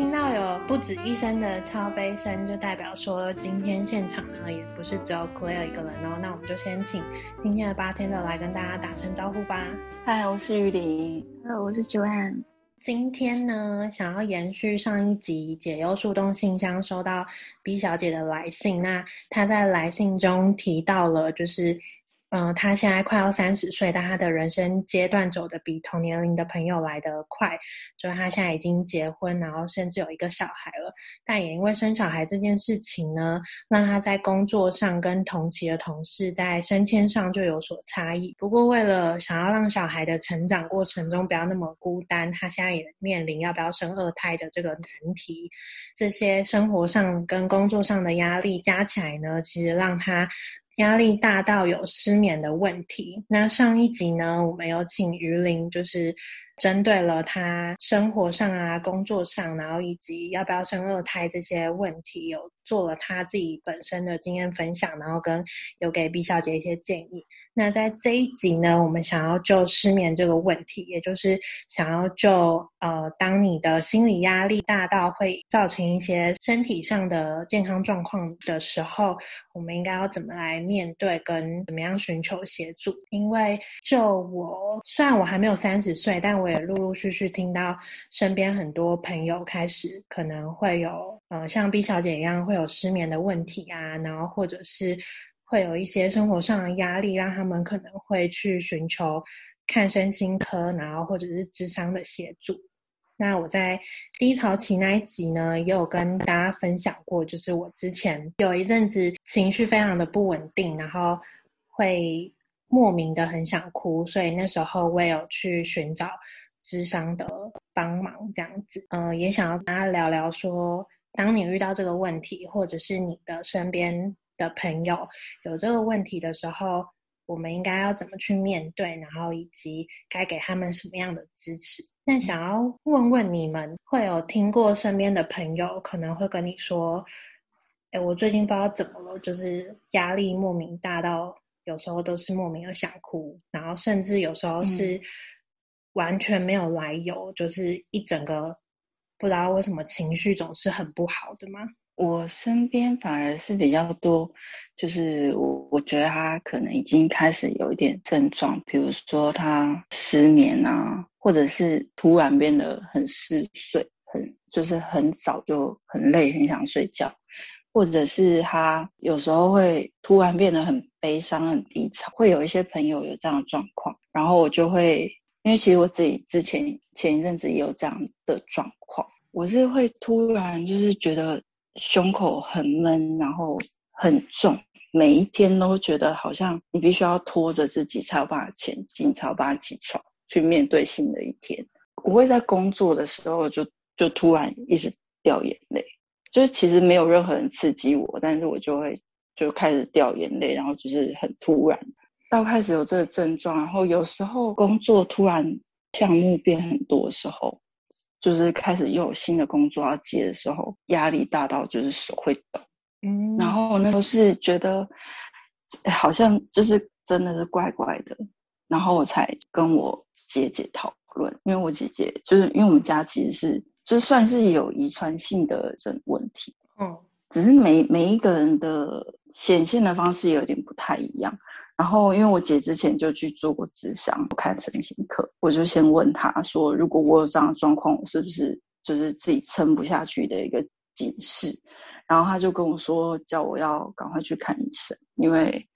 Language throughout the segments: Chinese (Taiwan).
聽到有不止一聲的超杯聲，就代表說今天現場呢也不是只有 Claire 一個人哦。那我們就先請今天的八天的來跟大家打聲招呼吧。嗨，我是魚鱗。嗨，我是 Joanne。今天呢，想要延續上一集解憂樹洞信箱收到 B 小姐的來信，那她在來信中提到了，就是。嗯、呃，他現在快要三十歲，但他的人生階段走得比同年齡的朋友來得快，所以他現在已經結婚，然後甚至有一個小孩了。但也因為生小孩這件事情呢，讓他在工作上跟同期的同事在升遷上就有所差異。不過，為了想要讓小孩的成長過程中不要那麼孤單，他現在也面臨要不要生二胎的這個難題。這些生活上跟工作上的壓力加起來呢，其實讓他。壓力大到有失眠的問題。那上一集呢，我們有請魚鱗，就是針對了他生活上啊、工作上，然後以及要不要生二胎這些問題，有做了他自己本身的經驗分享，然後跟有給畢小姐一些建議。那在這一集呢，我們想要就失眠這個問題，也就是想要就呃，當你的心理壓力大到會造成一些身體上的健康狀況的時候，我們應該要怎麼來面對，跟怎麼樣尋求協助。因為就我，雖然我還沒有三十歲，但我也陸陸續續聽到身邊很多朋友開始可能會有呃，像 B 小姐一樣會有失眠的問題啊，然後或者是。會有一些生活上的壓力，讓他們可能會去尋求看身心科，然後或者是諮商的協助。那我在低潮期那一集呢，也有跟大家分享過，就是我之前有一陣子情緒非常的不穩定，然後會莫名的很想哭，所以那時候我也有去尋找諮商的幫忙，這樣子。嗯，也想要跟大家聊聊說，說當你遇到這個問題，或者是你的身邊。的朋友有這個問題的時候，我們應該要怎麼去面對，然後以及該給他們什麼樣的支持？那想要問問你們，會有聽過身邊的朋友可能會跟你說：“哎，我最近不知道怎麼了，就是壓力莫名大到，有時候都是莫名的想哭，然後甚至有時候是完全沒有來由，嗯、就是一整個不知道為什麼情緒總是很不好的嗎？”我身邊反而是比較多，就是我我覺得他可能已經開始有一點症狀，比如說他失眠啊，或者是突然變得很嗜睡，很就是很早就很累，很想睡覺，或者是他有時候會突然變得很悲傷、很低潮，會有一些朋友有這樣的狀況，然後我就會，因為其實我自己之前前一陣子也有這樣的狀況，我是會突然就是覺得。胸口很悶，然後很重，每一天都覺得好像你必須要拖着自己才有辦法前進，才有辦法起床去面對新的一天。我會在工作的時候就就突然一直掉眼淚，就是其實沒有任何人刺激我，但是我就會就開始掉眼淚，然後就是很突然。到開始有這個症狀，然後有時候工作突然項目變很多的時候。就是開始又有新的工作要接的時候，壓力大到就是手會抖。嗯，然後我那時候是覺得、欸、好像就是真的是怪怪的，然後我才跟我姐姐討論，因為我姐姐就是因為我們家其實是就算是有遺傳性的這種問題，嗯，只是每每一個人的顯現的方式也有點不太一樣。然後，因為我姐之前就去做過諮商，不看身心科，我就先問她說：“如果我有這樣的狀況，我是不是就是自己撐不下去的一個警示？”然後她就跟我說：“叫我要趕快去看醫生，因為，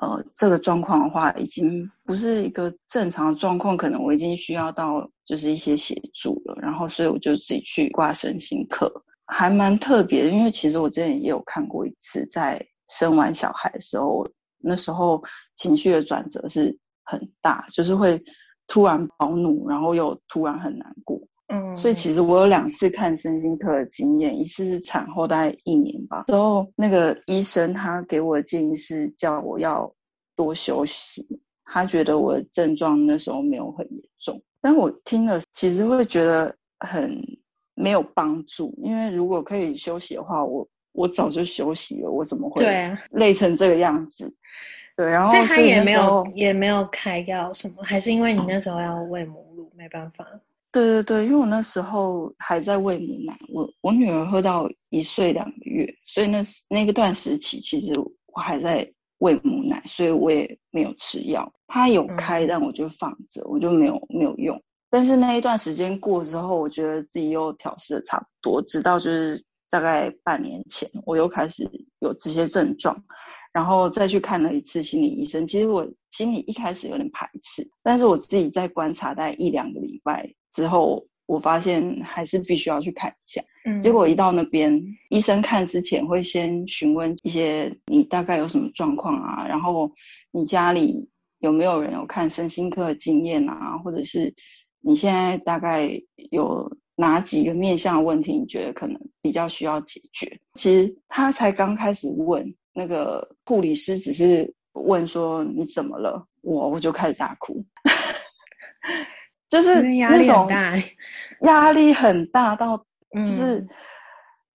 呃，這個狀況的話已經不是一個正常的狀況，可能我已經需要到就是一些協助了。”然後，所以我就自己去掛身心科。還蠻特別，因為其實我之前也有看過一次，在生完小孩的時候。那時候情緒的轉折是很大，就是會突然暴怒，然後又突然很難過。嗯，所以其實我有兩次看身心科的經驗，一次是產後大概一年吧，之後那個醫生他給我的建議是叫我要多休息，他覺得我的症狀那時候沒有很嚴重，但我聽了其實會覺得很沒有幫助，因為如果可以休息的話，我。我早就休息了，我怎麼會累成這個樣子？對，啊、對，然後他也沒有也沒有開藥什麼，還是因為你那時候要餵母乳，哦、沒辦法。對對對，因為我那時候還在餵母奶，我我女兒喝到一歲兩個月，所以那那個段時期其實我還在餵母奶，所以我也沒有吃藥。他有開，嗯、但我就放着，我就沒有沒有用。但是那一段時間過之後，我覺得自己又調適的差不多，直到就是。大概半年前，我又開始有這些症狀，然後再去看了一次心理醫生。其實我心裡一開始有點排斥，但是我自己在觀察在一兩個禮拜之後，我發現還是必須要去看一下。嗯，結果一到那邊，醫生看之前會先詢問一些你大概有什麼狀況啊，然後你家裡有沒有人有看身心科的經驗啊，或者是你現在大概有。哪幾個面向的問題，你覺得可能比較需要解決？其實他才剛開始問那個護理師，只是問說你怎麼了，我我就開始大哭， 就是那種壓力很大、欸、壓力很大到，就是、嗯、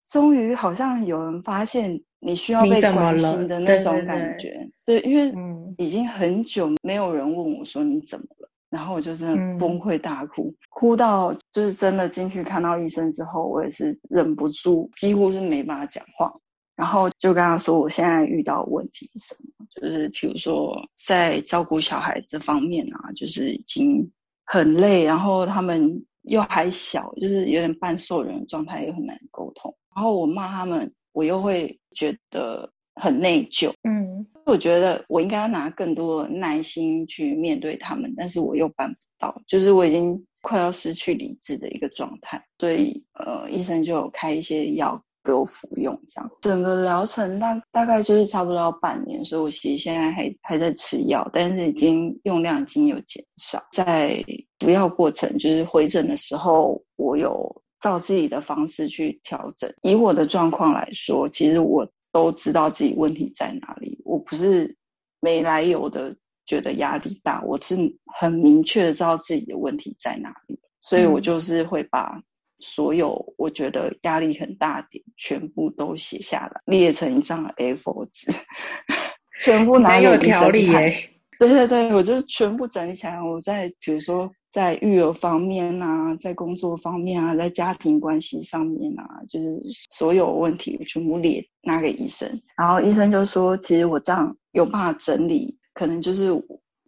終於好像有人發現你需要被關心的那種感覺。對，對，對，對，因為已經很久沒有人問我說你怎麼了。然後我就是崩潰大哭，嗯、哭到就是真的進去看到醫生之後，我也是忍不住，幾乎是沒辦法講話。然後就跟他說我現在遇到問題是什麼，就是比如說在照顧小孩這方面啊，就是已經很累，然後他們又還小，就是有點半獸人的狀態，也很難溝通。然後我罵他們，我又會覺得很內疚。嗯。我覺得我應該要拿更多的耐心去面對他們，但是我又辦不到，就是我已經快要失去理智的一個狀態，所以呃，醫生就有開一些藥給我服用，這樣整個療程大大概就是差不多要半年，所以我其實現在還還在吃藥，但是已經用量已經有減少。在服藥過程就是回診的時候，我有照自己的方式去調整，以我的狀況來說，其實我。都知道自己問題在哪裡，我不是沒來由的覺得壓力大，我是很明確的知道自己的問題在哪裡，所以我就是會把所有我覺得壓力很大點全部都寫下來，列成一張 A4 紙， 全部拿來給條理，欸。對對對，我就全部整理起來。我在比如說在育兒方面啊，在工作方面啊，在家庭關係上面啊，就是所有問題我全部列拿給醫生。然後醫生就說，其實我這樣有辦法整理，可能就是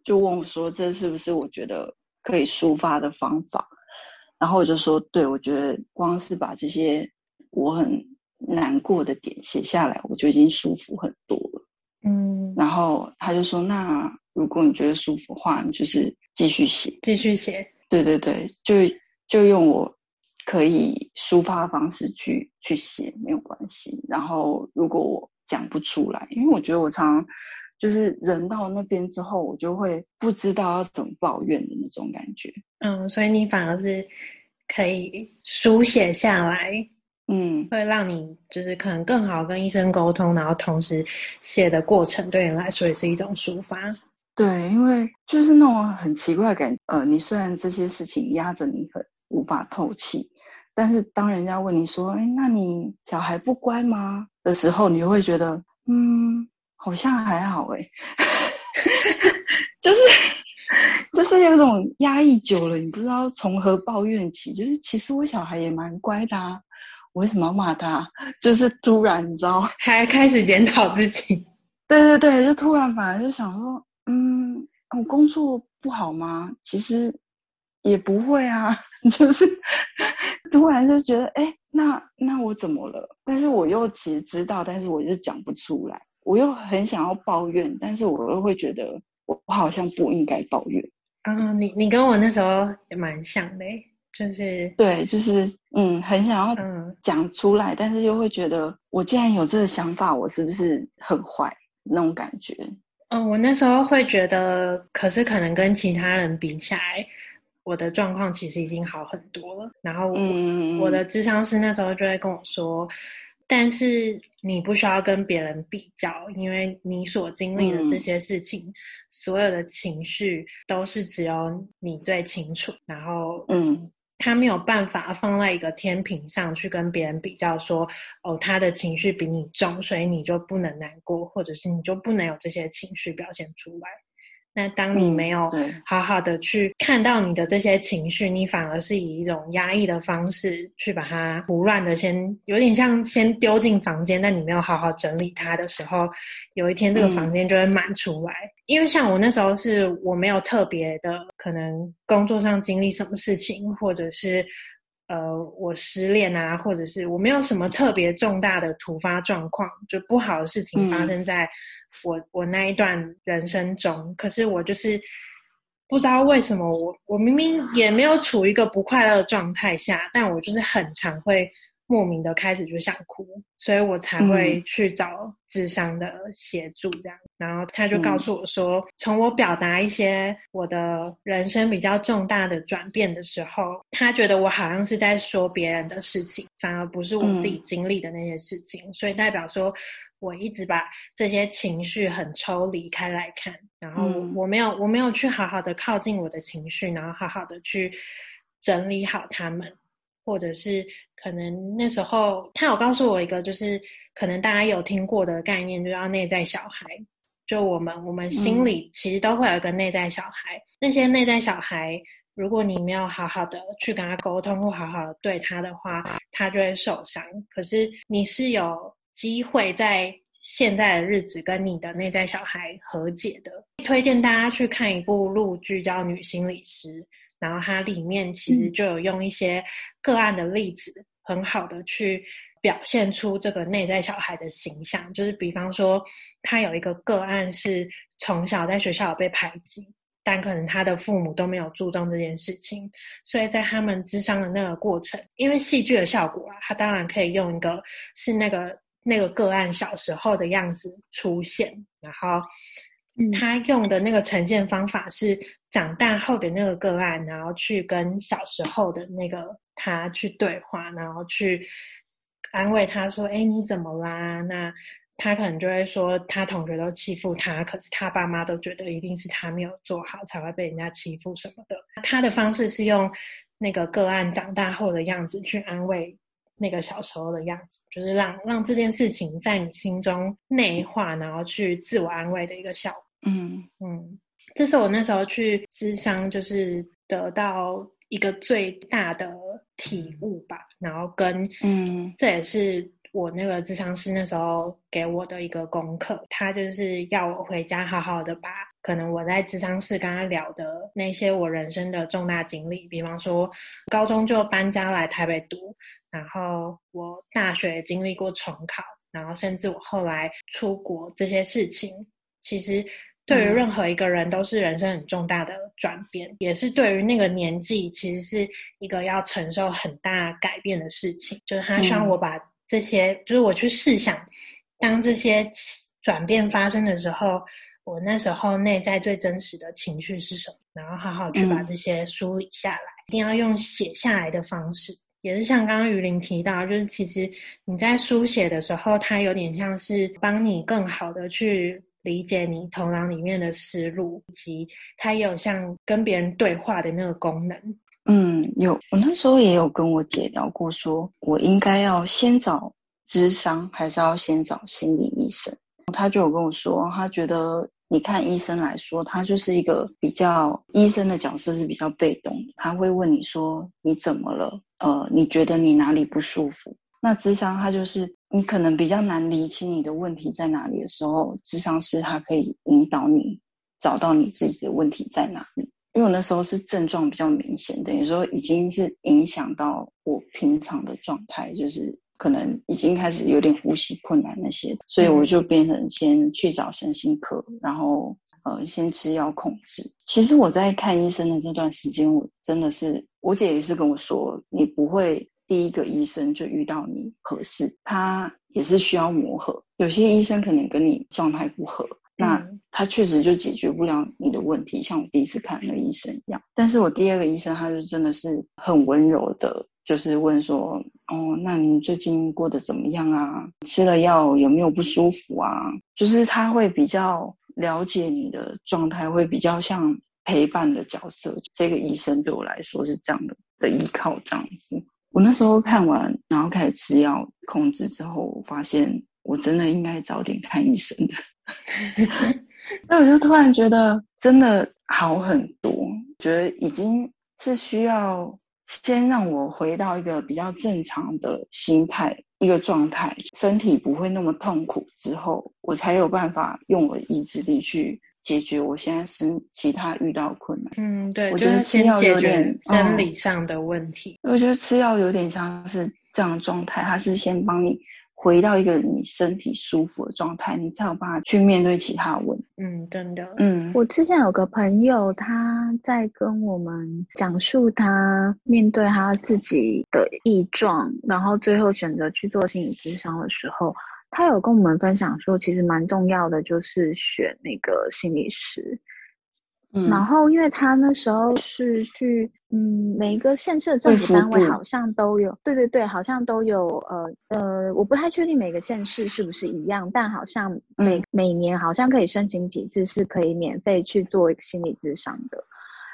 就問我說，這是不是我覺得可以抒發的方法？然後我就說，對，我覺得光是把這些我很難過的點寫下來，我就已經舒服很多了。嗯，然後他就說，那。如果你覺得舒服的話，你就是繼續寫，繼續寫。對對對，就就用我可以抒發的方式去去寫，沒有關係。然後如果我講不出來，因為我覺得我常常就是人到那邊之後，我就會不知道要怎麼抱怨的那種感覺。嗯，所以你反而是可以書寫下來，嗯，會讓你就是可能更好跟醫生溝通，然後同時寫的過程對你來說也是一種抒發。對，因為就是那種很奇怪的感覺，呃，你雖然這些事情壓着你很，很無法透氣，但是當人家問你說，誒、哎、那你小孩不乖嗎？的時候，你就會覺得，嗯，好像還好，誒 就是就是有種壓抑久了，你不知道從何抱怨起，就是其實我小孩也蠻乖的、啊、我為什麼要罵他？就是突然你知道還開始檢討自己， 對對對，就突然反而就想說。我、啊、工作不好嗎？其實也不會啊， 就是突然就覺得，哎、欸，那那我怎麼了？但是我又其實知道，但是我又講不出來。我又很想要抱怨，但是我又會覺得，我好像不應該抱怨。嗯、uh，你你跟我那時候也蠻像的、欸，就是對，就是嗯，很想要講出來，uh huh。但是又會覺得，我既然有這個想法，我是不是很壞？那種感覺。嗯、哦，我那時候會覺得，可是可能跟其他人比起來，我的狀況其實已經好很多了。然後我，嗯嗯嗯我的諮商師那時候就會跟我說，但是你不需要跟別人比較，因為你所經歷的這些事情，嗯、所有的情緒都是只有你最清楚。然後，嗯。他沒有辦法放在一個天平上去跟別人比較，說，哦，他的情緒比你重，所以你就不能難過，或者是你就不能有這些情緒表現出來。那當你沒有好好的去看到你的這些情緒，嗯、你反而是以一種壓抑的方式去把它胡亂的先有點像先丟進房間，但你沒有好好整理它的時候，有一天這個房間就會滿出來。嗯、因為像我那時候是我沒有特別的，可能工作上經歷什麼事情，或者是呃我失戀啊，或者是我沒有什麼特別重大的突發狀況，就不好的事情發生在。嗯我我那一段人生中，可是我就是不知道為什麼，我我明明也沒有處於一個不快樂的狀態下，但我就是很常會，莫名的開始就想哭，所以我才會去找諮商的協助，這樣。嗯、然後他就告訴我說，嗯、從我表達一些我的人生比較重大的轉變的時候，他覺得我好像是在說別人的事情，反而不是我自己經歷的那些事情。嗯、所以代表說，我一直把這些情緒很抽離開來看，然後我、嗯、我沒有我沒有去好好的靠近我的情緒，然後好好的去整理好他們。或者是可能那時候他有告訴我一個，就是可能大家有聽過的概念，就叫、是、內在小孩。就我們我們心裡其實都會有一個內在小孩，嗯、那些內在小孩，如果你沒有好好的去跟他溝通，或好好的對他的話，他就會受傷。可是你是有機會在現在的日子跟你的內在小孩和解的。推薦大家去看一部陸劇，叫《女心理師》。然後它裡面其實就有用一些個案的例子，嗯、很好的去表現出這個內在小孩的形象。就是比方說，他有一個個案是從小在學校被排擠，但可能他的父母都沒有注重這件事情，所以在他們諮商的那個過程，因為戲劇的效果啊，他當然可以用一個是那個那個個案小時候的樣子出現，然後。嗯、他用的那個呈現方法是長大後的那個個案，然後去跟小時候的那個他去對話，然後去安慰他說：“哎，你怎麼啦？”那他可能就會說：“他同學都欺負他，可是他爸媽都覺得一定是他沒有做好才會被人家欺負什麼的。”他的方式是用那個個案長大後的樣子去安慰那個小時候的樣子，就是讓讓這件事情在你心中內化，然後去自我安慰的一個效果。嗯嗯，這是我那時候去諮商就是得到一個最大的體悟吧。嗯、然後跟嗯，這也是我那個諮商師那時候給我的一個功課，他就是要我回家好好的把可能我在諮商室剛剛聊的那些我人生的重大經歷，比方說高中就搬家來台北讀，然後我大學經歷過重考，然後甚至我後來出國這些事情，其實。對於任何一個人都是人生很重大的轉變，嗯、也是對於那個年紀，其實是一個要承受很大改變的事情。就是他希望我把這些，嗯、就是我去試想，當這些轉變發生的時候，我那時候內在最真實的情緒是什麼，然後好好去把這些梳理下來，嗯、一定要用寫下來的方式。也是像剛剛魚鱗提到，就是其實你在書寫的時候，它有點像是幫你更好的去。理解你頭腦裡面的思路，以及它也有像跟別人對話的那個功能。嗯，有。我那時候也有跟我姐聊過說，說我應該要先找諮商，還是要先找心理醫生。她就有跟我說，她覺得你看醫生來說，他就是一個比較醫生的角色是比較被動的，他會問你說你怎麼了？呃，你覺得你哪裡不舒服？那諮商，它就是你可能比較難理清你的問題在哪裡的時候，諮商是它可以引導你找到你自己的問題在哪裡。因為我那時候是症狀比較明顯，等於說已經是影響到我平常的狀態，就是可能已經開始有點呼吸困難那些的，所以我就變成先去找身心科，嗯、然後呃先吃藥控制。其實我在看醫生的這段時間，我真的是我姐也是跟我說，你不會。第一個醫生就遇到你合適，他也是需要磨合。有些醫生可能跟你狀態不合，嗯、那他確實就解決不了你的問題，像我第一次看那醫生一樣。但是我第二個醫生，他就真的是很溫柔的，就是問說：“哦，那你最近過得怎麼樣啊？吃了藥有沒有不舒服啊？”就是他會比較了解你的狀態，會比較像陪伴的角色。這個醫生對我來說是這樣的的依靠，這樣子。我那時候看完，然後開始吃藥控制之後，我發現我真的應該早點看醫生的。 那我就突然覺得真的好很多，覺得已經是需要先讓我回到一個比較正常的心態、一個狀態，身體不會那麼痛苦之後，我才有辦法用我的意志力去。解決我現在是其他遇到困難，嗯對，我覺得吃藥先解決生理上的問題。嗯，我覺得吃藥有點像是這樣的狀態，它是先幫你回到一個你身體舒服的狀態，你才有辦法去面對其他問題。嗯，真的，嗯，我之前有個朋友，他在跟我們講述他面對他自己的異狀，然後最後選擇去做心理諮商的時候。他有跟我們分享說，其實蠻重要的就是選那個心理師，嗯、然後因為他那時候是去，嗯，每一個縣市的政府單位好像都有，對對對，好像都有，呃呃，我不太確定每個縣市是不是一樣，但好像每、嗯、每年好像可以申請幾次，是可以免費去做一個心理諮商的。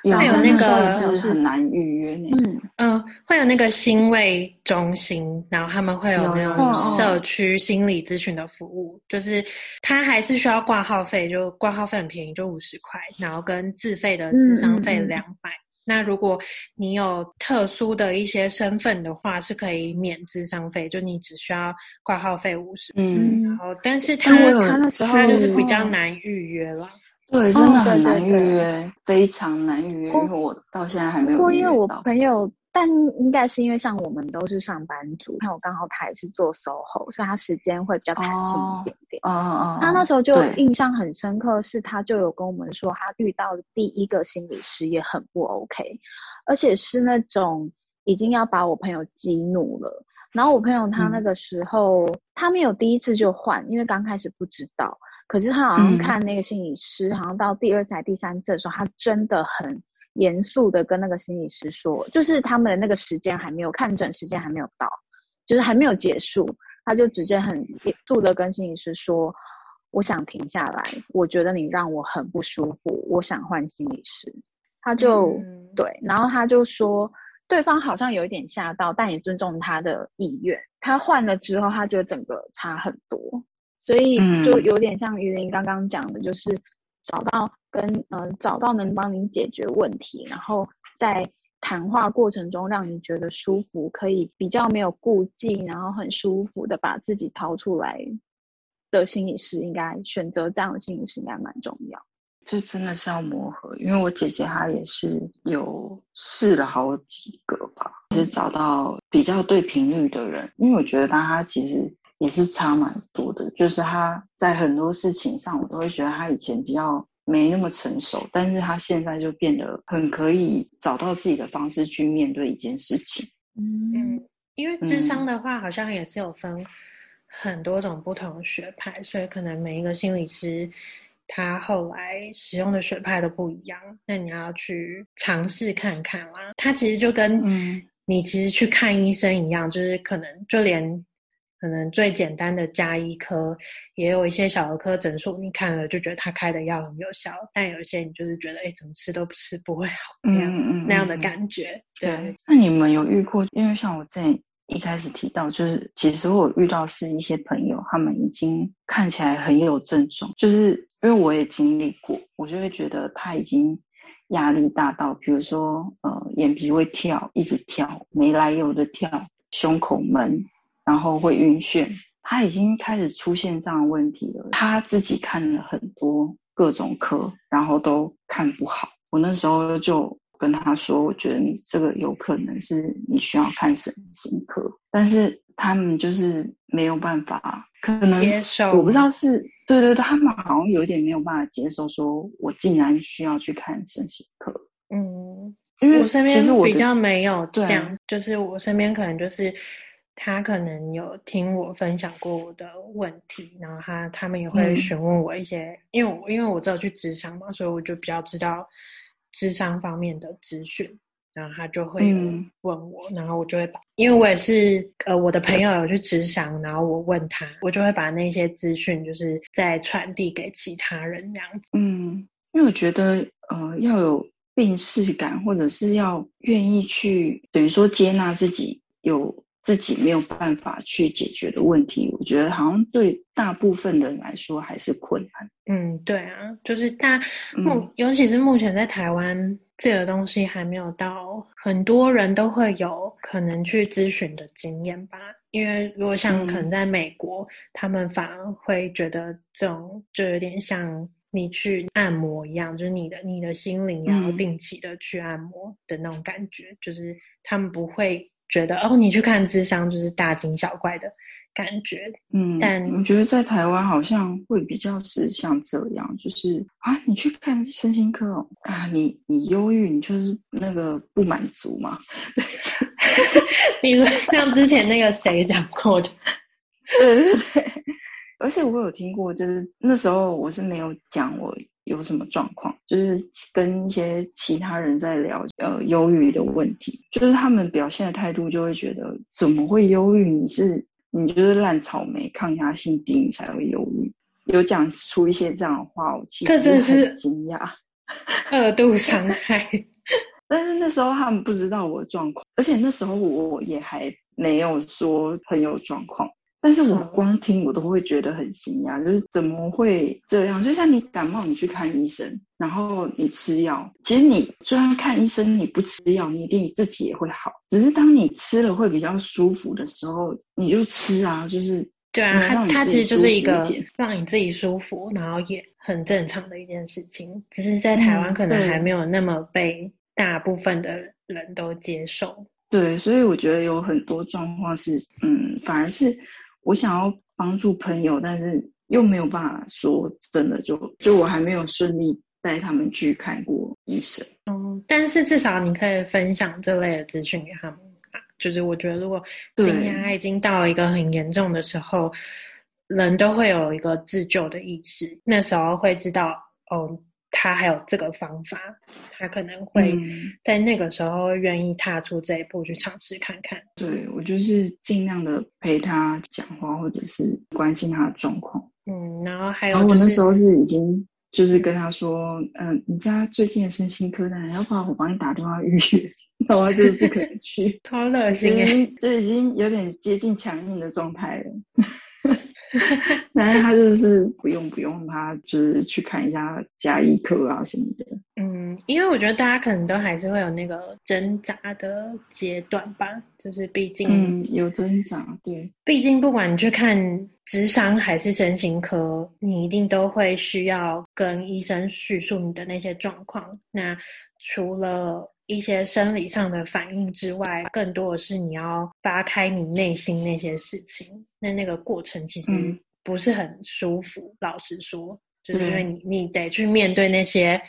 會有，有那個是是很難預約，嗯嗯，會有那個心衛中心，嗯、然後他們會有那種社區心理諮詢的服務，有就是他還是需要掛號費，就掛號費很便宜，就五十塊，然後跟自費的諮商費兩百。嗯、那如果你有特殊的一些身份的話，是可以免諮商費，就你只需要掛號費五十，嗯，然後但是他他那時候就是比較難預約了。嗯對，真的很難預約，哦、對對對非常難預約。因為、哦、我到現在還沒有過，因為我朋友，但應該是因為像我們都是上班族，因為我剛好他也是做 SOHO，所以他時間會比較彈性一點點。哦哦哦。哦哦他那時候就印象很深刻，是他就有跟我們說，他遇到的第一個心理師也很不 OK，而且是那種已經要把我朋友激怒了。然後我朋友他那個時候、嗯、他沒有第一次就換，因為剛開始不知道。可是他好像看那個心理師，嗯、好像到第二次還第三次的時候，他真的很嚴肅的跟那個心理師說，就是他們的那個時間還沒有，看診時間還沒有到，就是還沒有結束，他就直接很嚴肅的跟心理師說，我想停下來，我覺得你讓我很不舒服，我想換心理師。他就、嗯、對，然後他就說，對方好像有一點嚇到，但也尊重他的意願。他換了之後，他覺得整個差很多。所以就有點像魚鱗剛剛講的，嗯、就是找到跟嗯、呃、找到能幫您解決問題，然後在談話過程中讓你覺得舒服，可以比較沒有顧忌，然後很舒服的把自己掏出來的心理師應該，應該選擇這樣的心理師應該蠻重要。這真的是要磨合，因為我姐姐她也是有試了好幾個吧，其實找到比較對頻率的人，因為我覺得她其實。也是差蠻多的，就是他在很多事情上，我都會覺得他以前比較沒那麼成熟，但是他現在就變得很可以找到自己的方式去面對一件事情。嗯，因為諮商的話，好像也是有分很多種不同的學派，所以可能每一個心理師他後來使用的學派都不一樣，那你要去嘗試看看啦。他其實就跟嗯你其實去看醫生一樣，就是可能就連。可能最簡單的加一顆，也有一些小兒科診所，你看了就覺得他開的藥很有效，但有一些你就是覺得，哎、欸，怎麼吃都不吃不會好，那樣、嗯嗯嗯、那樣的感覺。對，對。那你們有遇過？因為像我在一開始提到，就是其實我有遇到是一些朋友，他們已經看起來很有症狀，就是因為我也經歷過，我就會覺得他已經壓力大到，比如說呃，眼皮會跳，一直跳，沒來由的跳，胸口悶。然後會暈眩，他已經開始出現這樣的問題了。他自己看了很多各種科，然後都看不好。我那時候就跟他說，我覺得你這個有可能是你需要看身心科，但是他們就是沒有辦法，可能我不知道是受對，對對，他們好像有一點沒有辦法接受說，說我竟然需要去看身心科。嗯，因為我，我身邊其實我比較沒有這樣，對就是我身邊可能就是。他可能有聽我分享過我的問題，然後他他們也會詢問我一些，嗯、因為我因為我知道去諮商嘛，所以我就比較知道諮商方面的資訊，然後他就會問我，嗯、然後我就會把，因為我也是呃我的朋友有去諮商，嗯、然後我問他，我就會把那些資訊就是再傳遞給其他人這樣子。嗯，因為我覺得呃要有病識感，或者是要願意去等於說接納自己有。自己沒有辦法去解決的問題，我覺得好像對大部分人來說還是困難。嗯，對啊，就是大，嗯，尤其是目前在台灣，這個東西還沒有到很多人都會有可能去諮詢的經驗吧？因為如果像可能在美國，嗯，他們反而會覺得這種就有點像你去按摩一樣，就是你的你的心靈要定期的去按摩的那種感覺，嗯，就是他們不會。覺得哦，你去看諮商就是大驚小怪的感覺，嗯，但我覺得在台灣好像會比較是像這樣，就是啊，你去看身心科，哦，啊，你你憂鬱，你就是那個不滿足嘛，對， 你說像之前那個誰講過的， 對對對，而且我有聽過，就是那時候我是沒有講我。有什麼狀況？就是跟一些其他人在聊，呃，憂鬱的問題。就是他們表現的態度，就會覺得怎麼會憂鬱？你是你就是爛草莓，抗壓性低，你才會憂鬱。有講出一些這樣的話，我其實是很驚訝，二度傷害。 但是那時候他們不知道我狀況，而且那時候我也還沒有說很有狀況。但是我光聽我都會覺得很驚訝，就是怎麼會這樣？就像你感冒，你去看醫生，然後你吃藥。其實你就算看醫生，你不吃藥，你一定自己也會好。只是當你吃了會比較舒服的時候，你就吃啊。就是你你對啊，它其實就是一個讓你自己舒服，然後也很正常的一件事情。只是在台灣可能還沒有那麼被大部分的人都接受。嗯、對，對，所以我覺得有很多狀況是，嗯，反而是。我想要幫助朋友，但是又沒有辦法說真的，就就我還沒有順利帶他們去看過醫生。嗯，但是至少你可以分享這類的資訊給他們。就是我覺得，如果今天已經到了一個很嚴重的時候，對人都會有一個自救的意識，那時候會知道哦。他還有這個方法，他可能會在那個時候願意踏出這一步，嗯、去嘗試看看。對，我就是盡量的陪他講話，或者是關心他的狀況。嗯，然後還有、就是，然後我那時候是已經就是跟他說，嗯、呃，你家最近也是身心科的，還要不要我幫你打電話預約？他就是不肯去，超熱心，這已經有點接近強硬的狀態了。那 他就是不用不用，他就是去看一下家醫科啊什麼的。嗯，因為我覺得大家可能都還是會有那個掙扎的階段吧，就是畢竟嗯有掙扎，對，畢竟不管你去看諮商還是身心科，你一定都會需要跟醫生敘述你的那些狀況。那除了。一些生理上的反應之外，更多的是你要扒開你內心那些事情。那那個過程其實不是很舒服，嗯、老實說，就是因為你你得去面對那些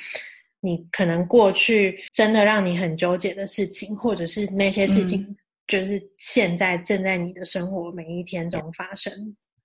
你可能過去真的讓你很糾結的事情，或者是那些事情就是現在正在你的生活每一天中發生。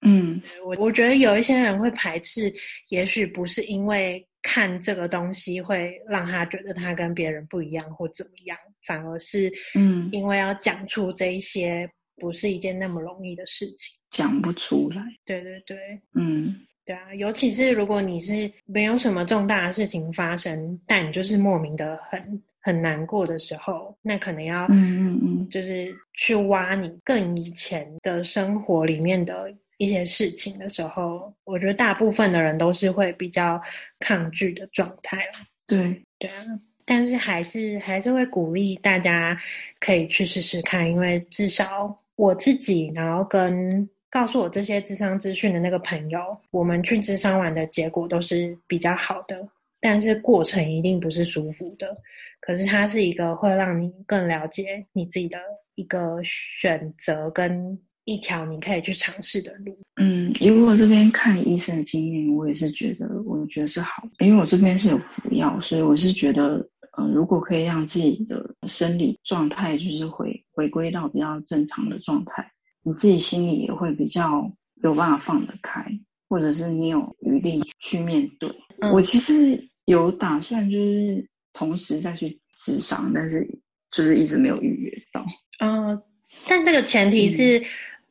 嗯，我我覺得有一些人會排斥，也許不是因為。看這個東西會讓他覺得他跟別人不一樣或怎麼樣，反而是，嗯，因為要講出這一些不是一件那麼容易的事情，講不出來。對對對，嗯，對啊，尤其是如果你是沒有什麼重大的事情發生，但你就是莫名的很很難過的時候，那可能要，嗯嗯嗯，就是去挖你更以前的生活裡面的。一些事情的時候，我覺得大部分的人都是會比較抗拒的狀態了。對對啊，但是還是還是會鼓勵大家可以去試試看，因為至少我自己，然後跟告訴我這些諮商資訊的那個朋友，我們去諮商完的結果都是比較好的，但是過程一定不是舒服的。可是它是一個會讓你更了解你自己的一個選擇跟。一條你可以去嘗試的路。嗯，因為我這邊看醫生的經驗，我也是覺得，我覺得是好，因為我這邊是有服藥，所以我是覺得，嗯、呃，如果可以讓自己的生理狀態就是回回歸到比較正常的狀態，你自己心裡也會比較有辦法放得開，或者是你有餘力去面對。嗯、我其實有打算就是同時再去諮商，但是就是一直沒有預約到。嗯，但這個前提是。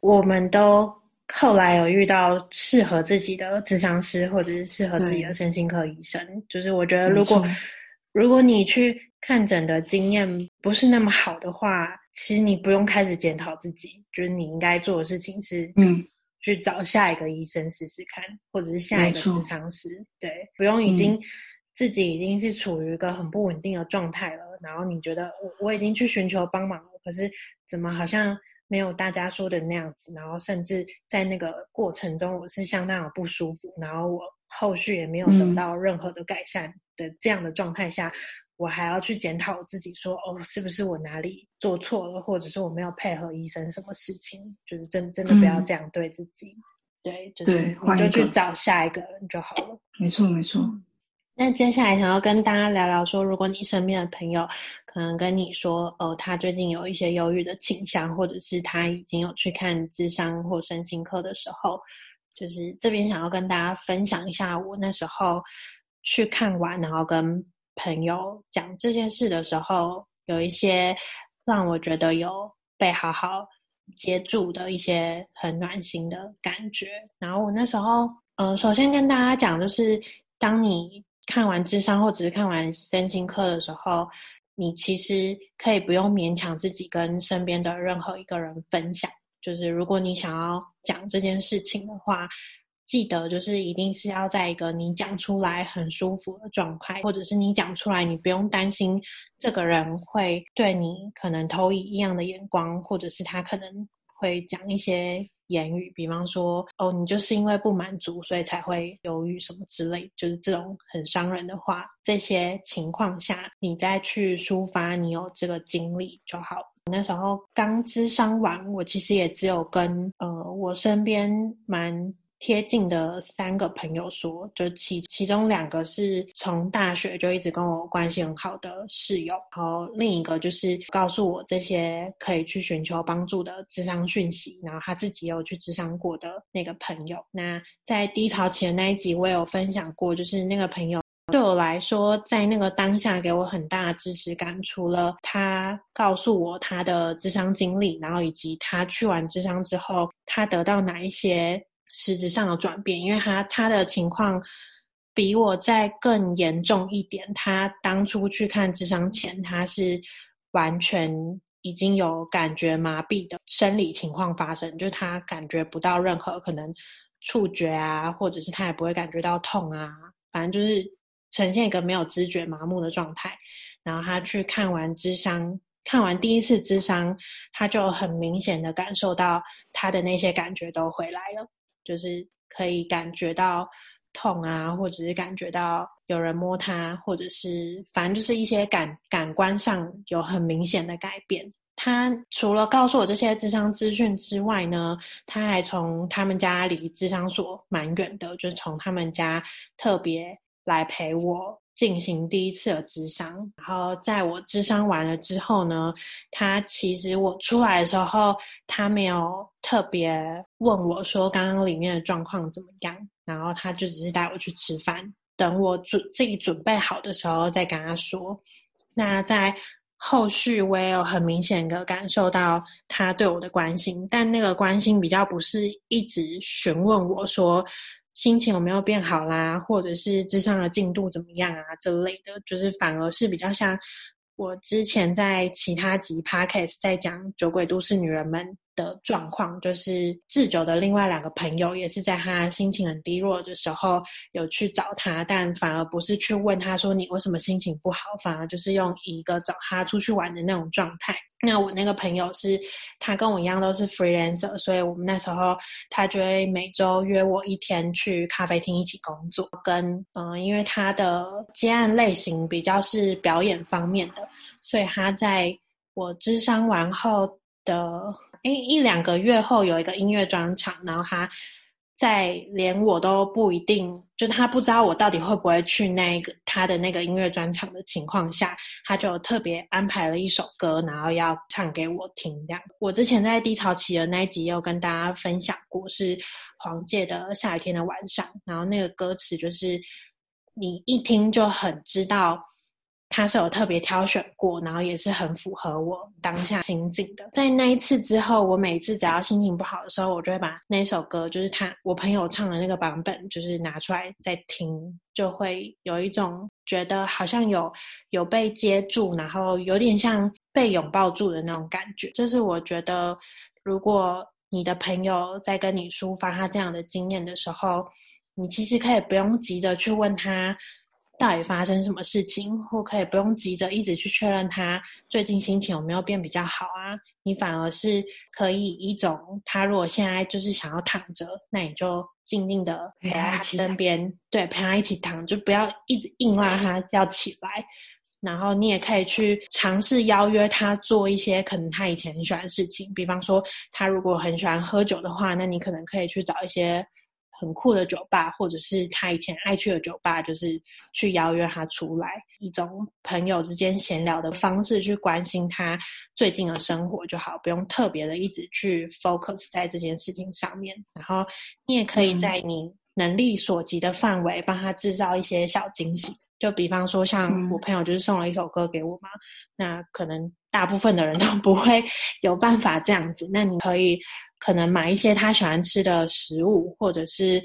我們都後來有遇到適合自己的諮商師，或者是適合自己的身心科醫生。對就是我覺得，如果錯如果你去看診的經驗不是那麼好的話，其實你不用開始檢討自己。就是你應該做的事情是，嗯，去找下一個醫生試試看，嗯、或者是下一個諮商師。錯對，不用已經、嗯、自己已經是處於一個很不穩定的狀態了。然後你覺得我我已經去尋求幫忙了，可是怎麼好像？沒有大家說的那樣子，然後甚至在那個過程中，我是相當的不舒服，然後我後續也沒有得到任何的改善的這樣的狀態下，嗯、我還要去檢討我自己說，說哦，是不是我哪裡做錯了，或者是我沒有配合醫生什麼事情？就是真的真的不要這樣對自己，嗯、對，就是我對就去找下一個人就好了。沒錯，沒錯。那接下來想要跟大家聊聊說，如果你身邊的朋友可能跟你說，呃，他最近有一些憂鬱的傾向，或者是他已經有去看諮商或身心科的時候，就是這邊想要跟大家分享一下我那時候去看完，然後跟朋友講這件事的時候，有一些讓我覺得有被好好接住的一些很暖心的感覺。然後我那時候，嗯、呃，首先跟大家講就是當你。看完諮商或者是看完身心科的時候，你其實可以不用勉強自己跟身邊的任何一個人分享。就是如果你想要講這件事情的話，記得就是一定是要在一個你講出來很舒服的狀態，或者是你講出來你不用擔心這個人會對你可能投以異樣的眼光，或者是他可能會講一些。言語，比方說，哦，你就是因為不滿足，所以才會猶豫什麼之類，就是這種很傷人的話。這些情況下，你再去抒發你有這個經歷就好。那時候剛諮商完，我其實也只有跟呃，我身邊蠻貼近的三個朋友說，就其其中兩個是從大學就一直跟我關係很好的室友，然後另一個就是告訴我這些可以去尋求幫助的諮商訊息，然後他自己也有去諮商過的那個朋友。那在低潮期的那一集，我有分享過，就是那個朋友對我來說，在那個當下給我很大的支持感。除了他告訴我他的諮商經歷，然後以及他去完諮商之後，他得到哪一些。實質上的轉變，因為他他的情況比我再更嚴重一點。他當初去看諮商前，他是完全已經有感覺麻痹的生理情況發生，就他感覺不到任何可能觸覺啊，或者是他也不會感覺到痛啊，反正就是呈現一個沒有知覺麻木的狀態。然後他去看完諮商，看完第一次諮商，他就很明顯的感受到他的那些感覺都回來了。就是可以感覺到痛啊，或者是感覺到有人摸他，或者是反正就是一些感感官上有很明顯的改變。他除了告訴我這些諮商資訊之外呢，他還從他們家離諮商所蠻遠的，就從他們家特別來陪我進行第一次的諮商，然後在我諮商完了之後呢，他其實我出來的時候，他沒有特別問我說剛剛裡面的狀況怎麼樣，然後他就只是帶我去吃飯，等我準自己準備好的時候再跟他說。那在後續我也有很明顯的感受到他對我的關心，但那個關心比較不是一直詢問我說。心情有沒有變好啦？或者是諮商的進度怎麼樣啊？這類的，就是反而是比較像我之前在其他集 podcast 在講《酒鬼都市女人們》。的狀況就是，自久的另外兩個朋友也是在他心情很低落的時候有去找他，但反而不是去問他說你為什麼心情不好，反而就是用一個找他出去玩的那種狀態。那我那個朋友是，他跟我一樣都是 freelancer，所以我們那時候他就會每周約我一天去咖啡廳一起工作。跟嗯、呃，因為他的接案類型比較是表演方面的，所以他在我諮商完後的。欸一兩個月後有一個音樂專場，然後他在連我都不一定，就是、他不知道我到底會不會去那個他的那個音樂專場的情況下，他就特別安排了一首歌，然後要唱給我聽。這樣，我之前在低潮期的那集有跟大家分享過，是黃玠的《下雨天的晚上》，然後那個歌詞就是你一聽就很知道。他是有特別挑選過，然後也是很符合我當下心境的。在那一次之後，我每次只要心情不好的時候，我就會把那首歌，就是他我朋友唱的那個版本，就是拿出來再聽，就會有一種覺得好像有有被接住，然後有點像被擁抱住的那種感覺。這、就是我覺得，如果你的朋友在跟你抒發他這樣的經驗的時候，你其實可以不用急着去問他。到底發生什麼事情？或可以不用急着一直去確認他最近心情有沒有變比較好啊？你反而是可以，以一種，他如果現在就是想要躺着，那你就靜靜的陪在他身邊，起對，陪他一起躺，就不要一直硬拉他要起來。然後你也可以去嘗試邀約他做一些可能他以前很喜歡的事情，比方說他如果很喜歡喝酒的話，那你可能可以去找一些很酷的酒吧，或者是他以前愛去的酒吧，就是去邀約他出來，一種朋友之間閒聊的方式，去關心他最近的生活就好，不用特別的一直去 focus 在這件事情上面。然後你也可以在你能力所及的範圍，幫他制造一些小驚喜。就比方說，像我朋友就是送了一首歌給我嘛，嗯、那可能大部分的人都不會有辦法這樣子。那你可以可能買一些他喜歡吃的食物，或者是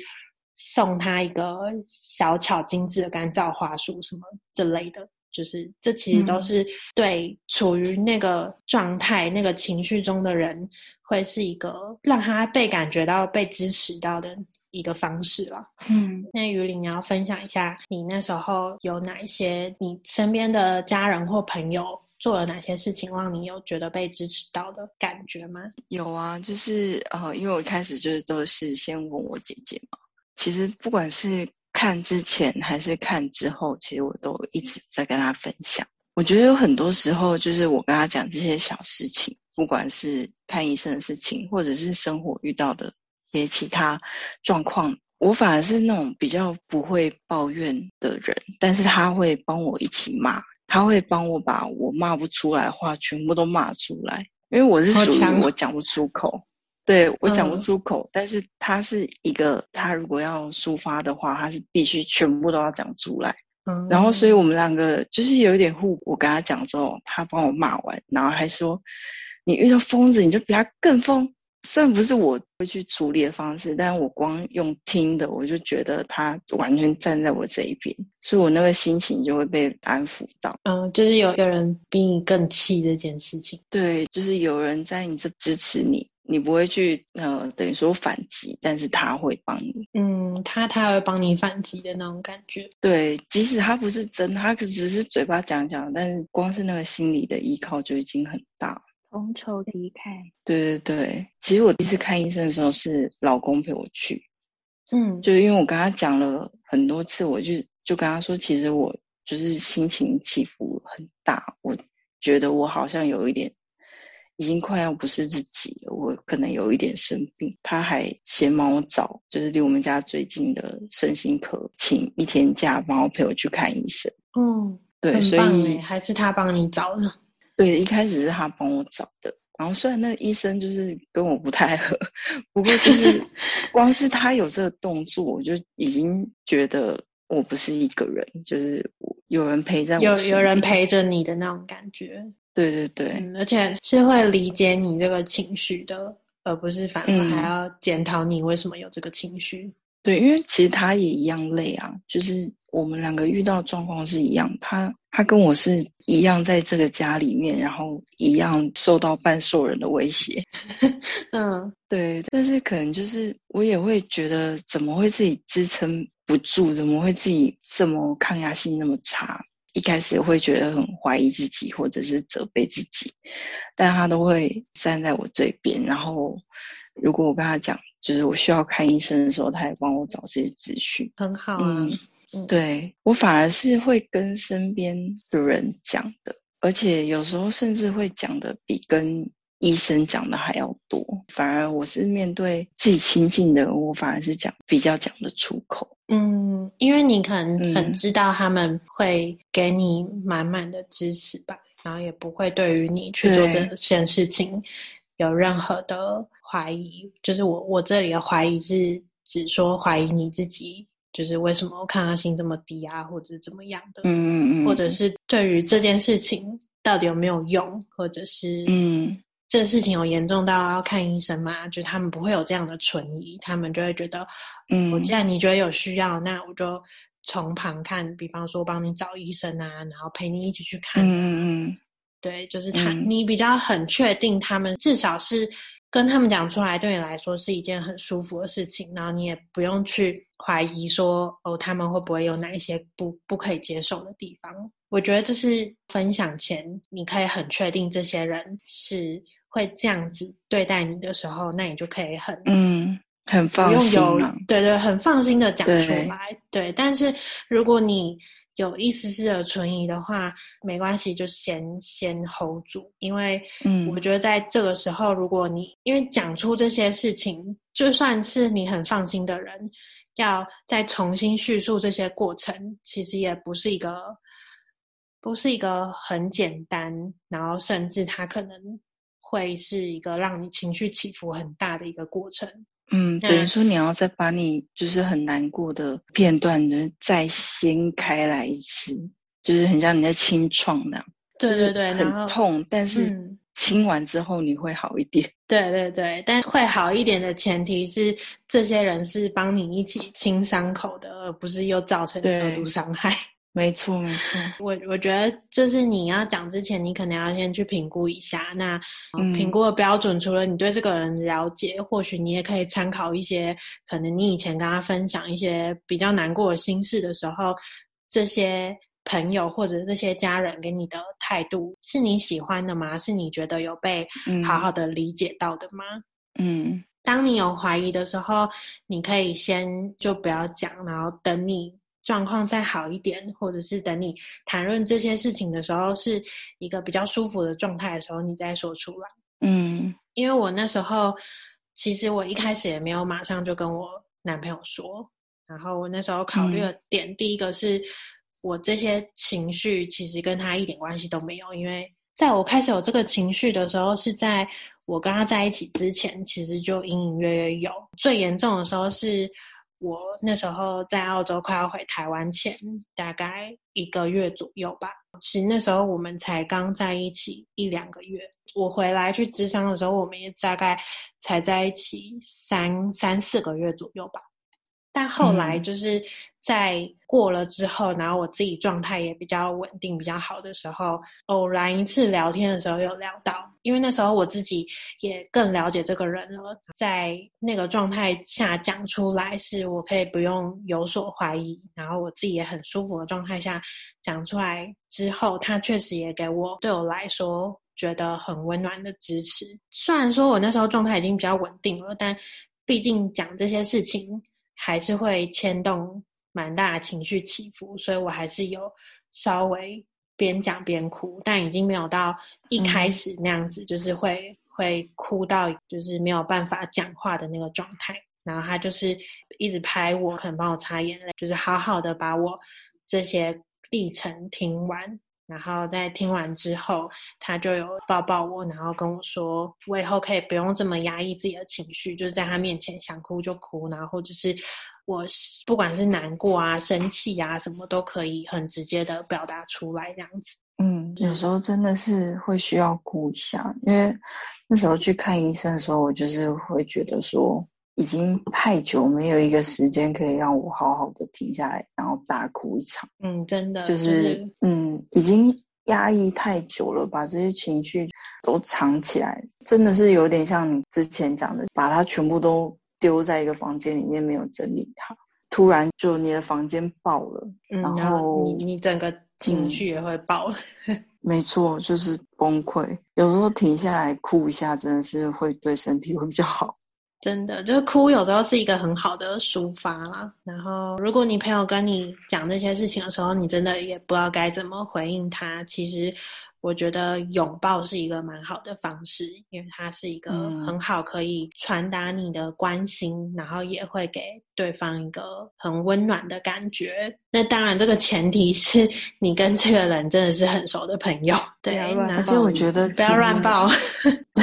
送他一個小巧精緻的乾燥花束什麼之類的，就是這其實都是對處於那個狀態、嗯、那個情緒中的人，會是一個讓他被感覺到被支持到的。一個方式了，嗯，那魚鱗，你要分享一下你那時候有哪一些你身邊的家人或朋友做了哪些事情，讓你有覺得被支持到的感覺嗎？有啊，就是呃，因為我一開始就是都是先問我姐姐嘛。其實不管是看之前還是看之後，其實我都一直在跟她分享。我覺得有很多時候，就是我跟她講這些小事情，不管是看醫生的事情，或者是生活遇到的。也其他狀況，我反而是那種比較不會抱怨的人，但是他會幫我一起罵，他會幫我把我罵不出來的話全部都罵出來，因為我是屬於我講不出口，像對，我講不出口，嗯、但是他是一個，他如果要抒發的話，他是必須全部都要講出來。嗯，然後所以我們兩個就是有一點互，我跟他講之後，他幫我罵完，然後還說，你遇到瘋子，你就比他更瘋。雖然不是我會去處理的方式，但是我光用聽的，我就覺得他完全站在我這一邊，所以我那個心情就會被安撫到。嗯，就是有一個人比你更氣這件事情。對，就是有人在你這支持你，你不會去呃等於說反擊，但是他會幫你。嗯，他他會幫你反擊的那種感覺。對，即使他不是真，他只是嘴巴講講，但是光是那個心理的依靠就已經很大。同仇敵愾。對對對，其實我第一次看醫生的時候是老公陪我去，嗯，就是因為我跟他講了很多次，我就就跟他說，其實我就是心情起伏很大，我覺得我好像有一點已經快要不是自己了，我可能有一點生病。他還先幫我找，就是離我們家最近的身心科，請一天假幫我陪我去看醫生。嗯。對，所以還是他幫你找呢？對，一開始是他幫我找的，然後雖然那個醫生就是跟我不太合，不過就是光是他有這個動作， 我就已經覺得我不是一個人，就是有人陪在我身邊，有有人陪着你的那種感覺。對對對。嗯，而且是會理解你這個情緒的，而不是反而還要檢討你為什麼有這個情緒。嗯對，因為其實他也一樣累啊，就是我們兩個遇到的狀況是一樣，他他跟我是一樣在這個家裡面，然後一樣受到半獸人的威脅。嗯，對，但是可能就是我也會覺得，怎麼會自己支撐不住？怎麼會自己這麼抗壓性那麼差？一開始會覺得很懷疑自己，或者是責備自己，但他都會站在我這邊。然後，如果我跟他講。就是我需要看醫生的時候，他還幫我找這些資訊，很好啊。嗯，嗯對，我反而是會跟身邊的人講的，而且有時候甚至會講的比跟醫生講的還要多。反而我是面對自己親近的人，我反而是講比較講的出口。嗯，因為你可能很知道他們會給你滿滿的支持吧，嗯，然後也不會對於你去做這件事情對有任何的。懷疑，就是我我這裡的懷疑是指說，懷疑你自己，就是為什麼抗壓性這麼低啊，或者是怎麼樣的，嗯，嗯，或者是對於這件事情到底有沒有用，或者是嗯，這事情有嚴重到要看醫生嗎？就他們不會有這樣的存疑，他們就會覺得，嗯，我、哦、既然你覺得有需要，那我就從旁看，比方說幫你找醫生啊，然後陪你一起去看，嗯嗯，對，就是他、嗯、你比較很確定，他們至少是。跟他們講出來，對你來說是一件很舒服的事情，然後你也不用去懷疑說，哦，他們會不會有哪一些不不可以接受的地方？我覺得這是分享前，你可以很確定這些人是會這樣子對待你的時候，那你就可以很嗯很放心，對，對對，很放心的講出來。對，對，但是如果你有一絲絲的存疑的話，沒關係，就先先 hold 住，因為，嗯，我覺得在這個時候，如果你、嗯、因為講出這些事情，就算是你很放心的人，要再重新敘述這些過程，其實也不是一個，不是一個很簡單，然後甚至它可能會是一個讓你情緒起伏很大的一個過程。嗯，等於說你要再把你就是很難過的片段，就是、再掀開來一次，就是很像你在清創那樣。對對對，很痛，然後，但是清完之後你會好一點、嗯。對對對，但會好一點的前提是，這些人是幫你一起清傷口的，而不是又造成更多傷害。沒錯，沒錯。我我覺得這是你要講之前，你可能要先去評估一下。那、嗯、評估的標準，除了你對這個人了解，或許你也可以參考一些，可能你以前跟他分享一些比較難過的心事的時候，這些朋友或者這些家人給你的態度，是你喜歡的嗎？是你覺得有被好好的理解到的嗎？嗯，當你有懷疑的時候，你可以先就不要講，然後等你。狀況再好一點，或者是等你談論這些事情的時候，是一個比較舒服的狀態的時候，你再說出來。嗯，因為我那時候其實我一開始也沒有馬上就跟我男朋友說，然後我那時候考慮的點，嗯，第一個是我這些情緒其實跟他一點關係都沒有，因為在我開始有這個情緒的時候，是在我跟他在一起之前，其實就隱隱約約約有，最嚴重的時候是。我那時候在澳洲快要回台灣前，大概一個月左右吧。其實那時候我們才剛在一起一兩個月。我回來去諮商的時候，我們也大概才在一起三三四個月左右吧。但後來就是在過了之後，嗯，然後我自己狀態也比較穩定、比較好的時候，偶然一次聊天的時候有聊到，因為那時候我自己也更了解這個人了，在那個狀態下講出來，是我可以不用有所懷疑，然後我自己也很舒服的狀態下講出來之後，他確實也給我，對我來說覺得很溫暖的支持。雖然說我那時候狀態已經比較穩定了，但畢竟講這些事情，還是會牽動蠻大的情緒起伏，所以我還是有稍微邊講邊哭，但已經沒有到一開始那樣子，嗯、就是會會哭到就是沒有辦法講話的那個狀態。然後他就是一直拍我，可能幫我擦眼淚，就是好好的把我這些歷程聽完。然後在聽完之後，他就有抱抱我，然後跟我說：“我以後可以不用這麼壓抑自己的情緒，就是在他面前想哭就哭，然後就是我不管是難過啊、生氣啊什麼，都可以很直接的表達出來，這樣子。”嗯，有時候真的是會需要哭一下，因為那時候去看醫生的時候，我就是會覺得說。已經太久沒有一個時間可以讓我好好的停下來，然後大哭一場。嗯，真的，就是，是。嗯，已經壓抑太久了，把這些情緒都藏起來，真的是有點像你之前講的，把它全部都丟在一個房間裡面，沒有整理它，突然就你的房間爆了，然後，嗯，然後你你整個情緒也會爆，嗯。沒錯，就是崩潰。有時候停下來哭一下，真的是會對身體會比較好。真的，就是哭有時候是一個很好的抒發啦。然後，如果你朋友跟你講這些事情的時候，你真的也不知道該怎麼回應他，其實。我覺得擁抱是一個蠻好的方式，因為它是一個很好可以傳達你的關心，嗯、然後也會給對方一個很溫暖的感覺。那當然，這個前提是你跟這個人真的是很熟的朋友。對，而且我覺得不要亂抱。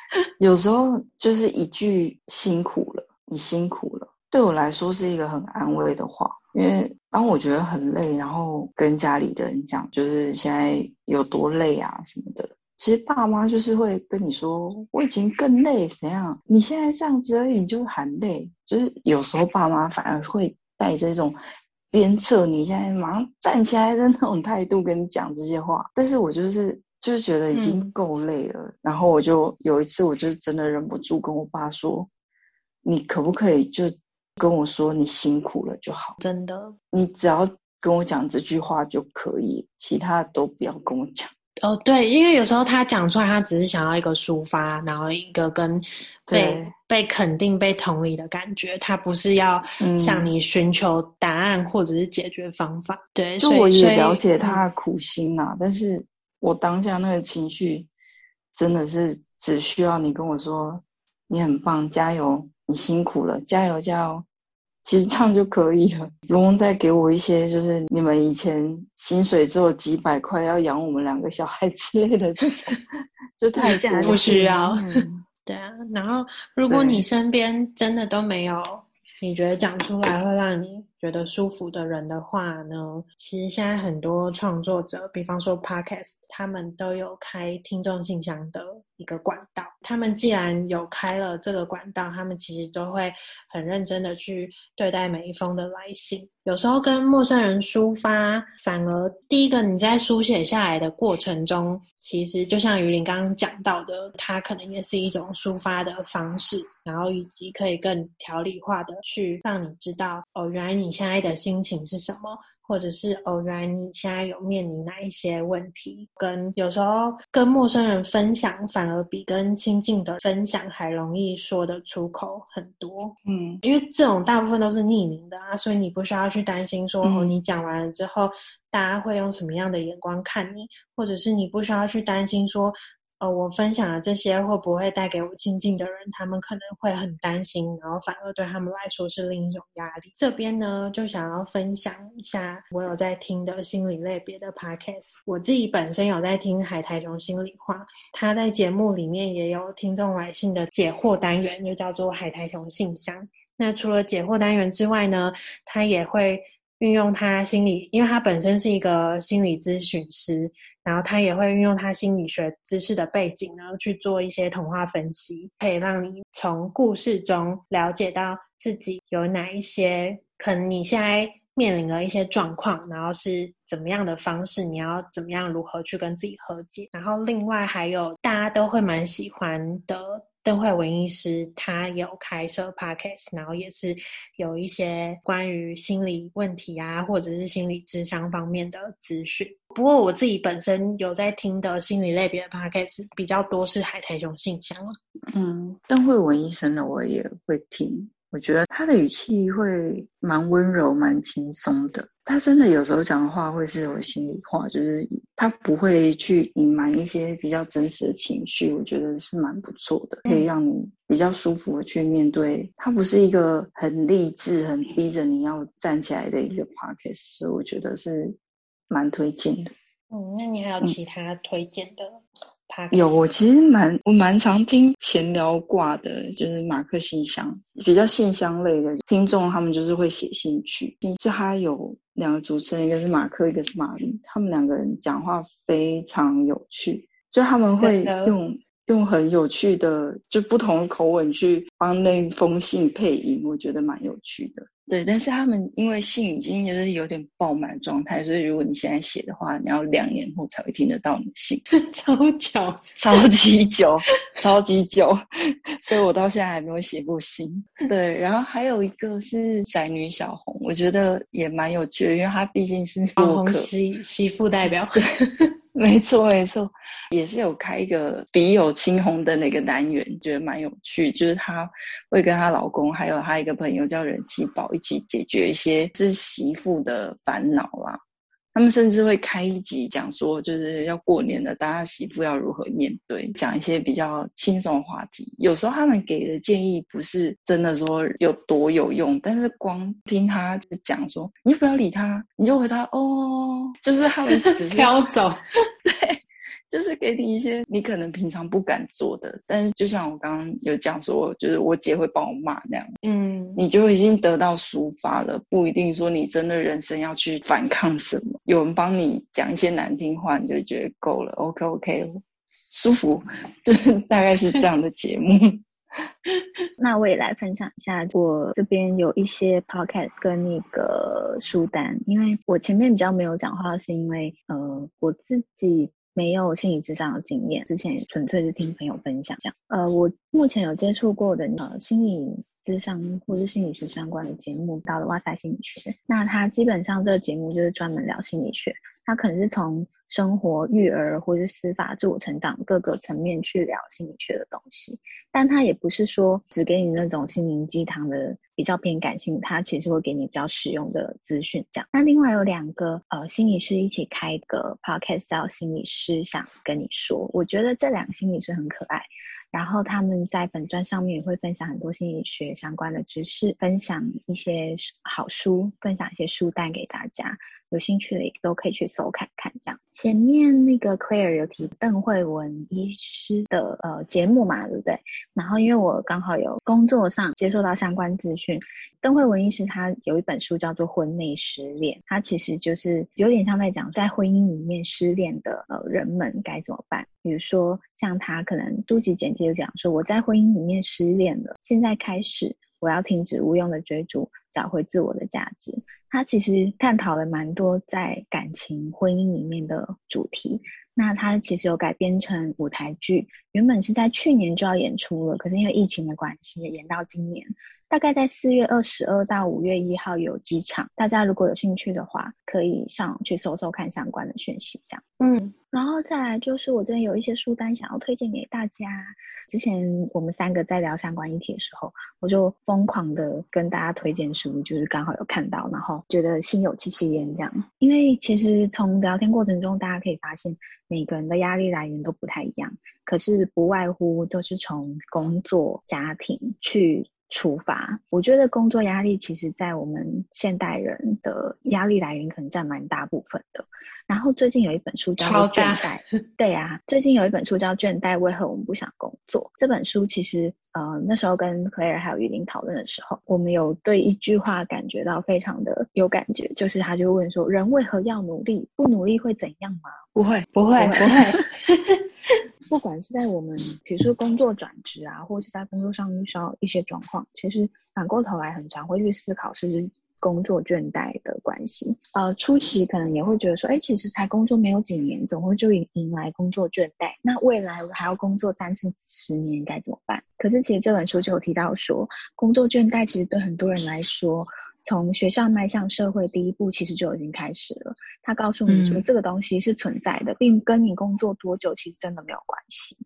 有時候就是一句“辛苦了”，你辛苦了，對我來說是一個很安慰的話。因為，當我覺得很累，然後跟家裡的人講，就是現在有多累啊什麼的。其實爸媽就是會跟你說，我以前更累，怎樣？你現在這樣子而已，你就很累。就是有時候爸媽反而會帶着一種鞭策你現在馬上站起來的那種態度跟你講這些話。但是我就是就是覺得已經夠累了，嗯、然後我就有一次，我就真的忍不住跟我爸說，你可不可以就？跟我說你辛苦了就好，真的。你只要跟我講這句話就可以，其他都不要跟我講。哦，對，因為有時候他講出來，他只是想要一個抒發，然後一個跟被對被肯定、被同理的感覺。他不是要向你尋求答案或者是解決方法。嗯、對，所以我也了解他的苦心啊。嗯、但是我當下那個情緒，真的是只需要你跟我說你很棒，加油。你辛苦了，加油加油，其實這樣就可以了。不用再給我一些，就是你們以前薪水只有幾百塊，要養我們兩個小孩之類的就是，就太 就不需要、嗯。對啊，然後如果你身邊真的都沒有，對你覺得講出來會讓你覺得舒服的人的話呢，其實現在很多創作者，比方說 Podcast，他們都有開聽眾信箱的一個管道。他們既然有開了這個管道，他們其實都會很認真的去對待每一封的來信。有時候跟陌生人抒發，反而第一個你在書寫下來的過程中，其實就像魚鱗剛剛講到的，他可能也是一種抒發的方式，然後以及可以更條理化的去讓你知道哦，原來你。你現在的心情是什麼？或者是哦，然你現在有面臨哪一些問題？跟有時候跟陌生人分享，反而比跟親近的分享還容易說得出口很多。嗯，因為這種大部分都是匿名的啊，所以你不需要去擔心說、嗯、你講完了之後，大家會用什麼樣的眼光看你，或者是你不需要去擔心說。呃、哦，我分享的這些會不會帶給我親近的人，他們可能會很擔心，然後反而對他們來說是另一種壓力。這邊呢，就想要分享一下我有在聽的心理類別的 podcast，我自己本身有在聽海苔熊心理話，他在節目裡面也有聽眾來信的解惑單元，又叫做海苔熊信箱。那除了解惑單元之外呢，他也會。運用他心理，因為他本身是一個心理諮詢師，然後他也會運用他心理學知識的背景，然後去做一些童話分析，可以讓你從故事中了解到自己有哪一些，可能你現在面臨的一些狀況，然後是怎麼樣的方式，你要怎麼樣如何去跟自己和解。然後另外還有大家都會蠻喜歡的。鄧惠文醫師他有開設 podcast，然後也是有一些關於心理問題啊，或者是心理諮商方面的資訊。不過我自己本身有在聽的心理類別的 podcast，比較多是海苔熊信箱。嗯，鄧惠文醫生的我也會聽。我覺得他的語氣會蠻溫柔，蠻輕鬆的。他真的有時候講的話會是我心裡話，就是他不會去隱瞞一些比較真實的情緒。我覺得是蠻不錯的，可以讓你比較舒服的去面對。他不是一個很勵志、很逼着你要站起來的一個 podcast，所以我覺得是蠻推薦的、嗯。嗯，那你還有其他推薦的？嗯有，我其實蠻我蠻常聽閒聊掛的，就是馬克信箱，比較信箱類的聽眾，他們就是會寫信去。就他有兩個主持人，一個是馬克，一個是瑪麗，他們兩個人講話非常有趣，就他們會用。對的。用很有趣的就不同的口吻去幫那封信配音，我覺得蠻有趣的。對，但是他們因為信已經就是有點爆滿狀態，所以如果你現在寫的話，你要兩年後才會聽得到你的信。超久巧，超級久，超級久， 所以我到現在還沒有寫過信。對，然後還有一個是宅女小紅，我覺得也蠻有趣的，因為她畢竟是網紅吸吸粉代表。沒錯，沒錯，也是有開一個筆友青紅的那個單元，覺得蠻有趣。就是她會跟她老公，還有她一個朋友叫人妻寶，一起解決一些就是媳婦的煩惱啦。他們甚至會開一集講說，就是要過年的，大家媳婦要如何面對，講一些比較輕鬆的話題。有時候他們給的建議不是真的說有多有用，但是光聽他就講說，你不要理他，你就回答哦，就是他們只是飄 走， 對。就是給你一些你可能平常不敢做的，但是就像我剛剛有講說，就是我姐會幫我罵那樣，嗯，你就已經得到抒發了，不一定說你真的人生要去反抗什麼，有人幫你講一些難聽話，你就覺得夠了，OK OK，舒服，就是大概是這樣的節目。 那我也來分享一下，我這邊有一些 Podcast 跟那個書單，因為我前面比較沒有講話，是因為呃我自己。沒有心理諮商的經驗，之前純粹是聽朋友分享這樣。呃，我目前有接觸過的呃心理諮商或是心理學相關的節目，到了《哇塞心理學》，那它基本上這個節目就是專門聊心理學。他可能是從生活、育兒，或者是司法、自我成長各個層面去聊心理學的東西，但他也不是說只給你那種心靈雞湯的，比較偏感性。他其實會給你比較實用的資訊。這樣，那另外有兩個呃心理師一起開一個 podcast，叫心理師想跟你說，我覺得這兩個心理師很可愛。然後他們在粉專上面也會分享很多心理學相關的知識，分享一些好書，分享一些書單給大家。有興趣的也都可以去搜看看這樣。前面那個 Claire 有提鄧惠文醫師的呃節目嘛，對不對？然後因為我剛好有工作上接收到相關資訊，鄧惠文醫師他有一本書叫做《婚內失戀》，他其實就是有點像在講在婚姻裡面失戀的呃人們該怎麼辦。比如說像他可能書籍簡介就講說，我在婚姻裡面失戀了，現在開始我要停止無用的追逐，找回自我的價值，他其實探討了蠻多在感情、婚姻裡面的主題。那它其實有改編成舞台劇，原本是在去年就要演出了，可是因為疫情的關係，延到今年，大概在四月二十二到五月一號有幾場，大家如果有興趣的話，可以上去搜搜看相關的訊息，這樣。嗯，然後再來就是我這有一些書單想要推薦給大家。之前我們三個在聊相關議題的時候，我就瘋狂的跟大家推薦書，就是剛好有看到，然後覺得心有戚戚焉這樣。因為其實從聊天過程中，大家可以發現。每個人的壓力來源都不太一樣，可是不外乎都是從工作、家庭去。處罰。我覺得工作壓力其實，在我們現代人的壓力來源，可能占蠻大部分的。然後最近有一本書叫《倦怠》，超大 對呀、啊，最近有一本書叫《倦怠》，為何我們不想工作？這本書其實，呃，那時候跟 Claire 還有魚鱗討論的時候，我們有對一句話感覺到非常的有感覺，就是他就問說：“人為何要努力？不努力會怎樣嗎？”不會，不會， 不會。 不管是在我們，比如說工作轉職啊，或是在工作上遇到一些狀況，其實反過頭來很常會去思考，是不是工作倦怠的關係？呃，初期可能也會覺得說，哎，其實才工作沒有幾年，怎麼會就迎迎來工作倦怠？那未來我還要工作三四十年該怎麼辦？可是其實這本書就有提到說，工作倦怠其實對很多人來說。從學校邁向社會，第一步其實就已經開始了。他告訴你說，這個東西是存在的，嗯、並跟你工作多久其實真的沒有關係。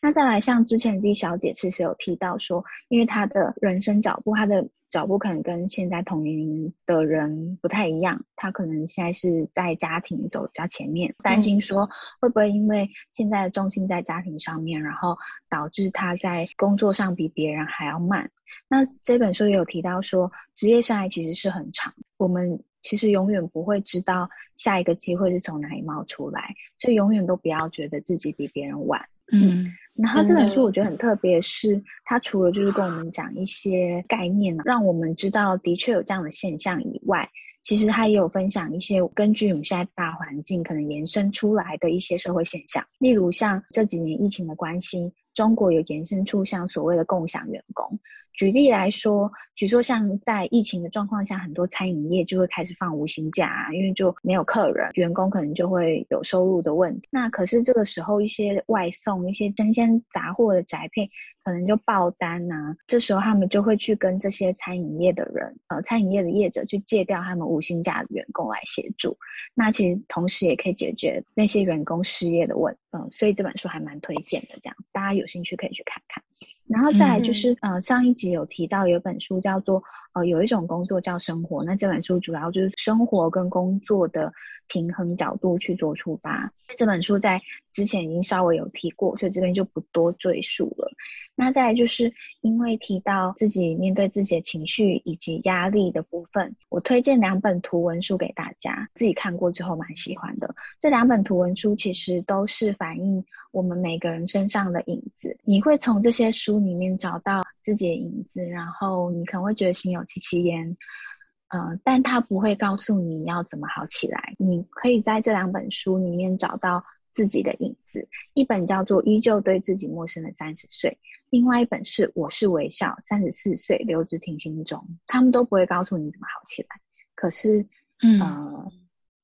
那再來像之前李小姐其實有提到說，因為她的人生腳步，她的腳步可能跟現在同齡的人不太一樣，她可能現在是在家庭走比較前面，擔心說會不會因為現在的重心在家庭上面，然後導致她在工作上比別人還要慢。那這本書也有提到說，職業生涯其實是很長，我們其實永遠不會知道下一個機會是從哪裡冒出來，所以永遠都不要覺得自己比別人晚，嗯。然後這本書我覺得很特別，是它除了就是跟我們講一些概念，啊，讓我們知道的確有這樣的現象以外，其實它也有分享一些根據我們現在大環境可能延伸出來的一些社會現象，例如像這幾年疫情的關係。中國有延伸出像所謂的共享員工。舉例來說，比如說像在疫情的狀況下，很多餐飲業就會開始放無薪假啊，因為就沒有客人，員工可能就會有收入的問題。那可是這個時候，一些外送、一些生鮮雜貨的宅配，可能就爆單吶啊。這時候他們就會去跟這些餐飲業的人，呃，餐飲業的業者去借調他們無薪假的員工來協助。那其實同時也可以解決那些員工失業的問題。嗯，所以這本書還蠻推薦的，這樣大家有興趣可以去看看。然後再來就是，嗯、呃，上一集有提到有本書叫做。呃、哦，有一種工作叫生活。那這本書主要就是生活跟工作的平衡角度去做出發。這本書在之前已經稍微有提過，所以這邊就不多贅述了。那再來就是因為提到自己面對自己的情緒以及壓力的部分，我推薦兩本圖文書給大家，自己看過之後蠻喜歡的。這兩本圖文書其實都是反映我們每個人身上的影子，你會從這些書裡面找到自己的影子，然後你可能會覺得心有，及其，其言，嗯、呃，但他不會告訴你要怎麼好起來。你可以在這兩本書裡面找到自己的影子。一本叫做《依舊對自己陌生的三十歲》，另外一本是《我是微笑三十四歲劉知婷心中》。他們都不會告訴你怎麼好起來，可是，嗯、呃，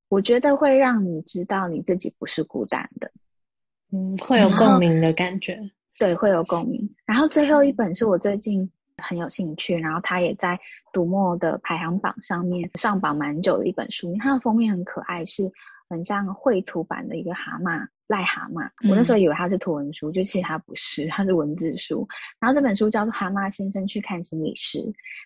我覺得會讓你知道你自己不是孤單的，嗯，會有共鳴的感覺，對，會有共鳴。然後最後一本是我最近。很有興趣，然後他也在讀墨的排行榜上面上榜蠻久的一本書。因為它的封面很可愛，是很像繪圖版的一個蛤蟆，癩蛤蟆。嗯、我那時候以為它是圖文書，就其實它不是，它是文字書。然後這本書叫做《蛤蟆先生去看心理師》，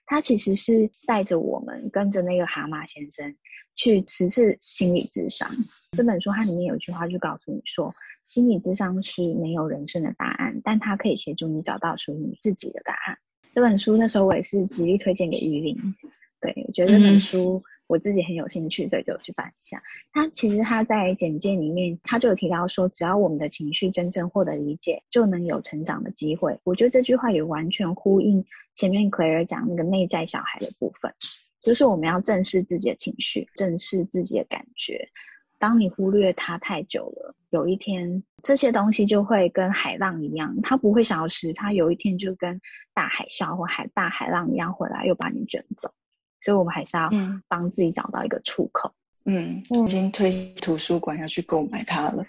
它其實是帶着我們跟着那個蛤蟆先生去測試心理諮商。嗯、這本書它裡面有一句話就告訴你說：心理諮商是沒有人生的答案，但它可以協助你找到屬於你自己的答案。這本書那時候我也是極力推薦給魚鱗，對，我覺得這本書我自己很有興趣，所以就去翻一下。他其實他在簡介裡面，他就有提到說，只要我們的情緒真正獲得理解，就能有成長的機會。我覺得這句話也完全呼應前面 Claire 講那個內在小孩的部分，就是我們要正視自己的情緒，正視自己的感覺。當你忽略它太久了，有一天這些東西就會跟海浪一樣，它不會消失，它有一天就跟大海嘯或海大海浪一樣回來，又把你捲走。所以我們還是要幫自己找到一個出口。嗯，我已經推圖書館要去購買它了，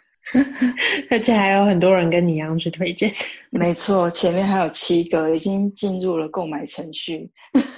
而且還有很多人跟你一樣去推薦。 沒錯，前面還有七個已經進入了購買程序，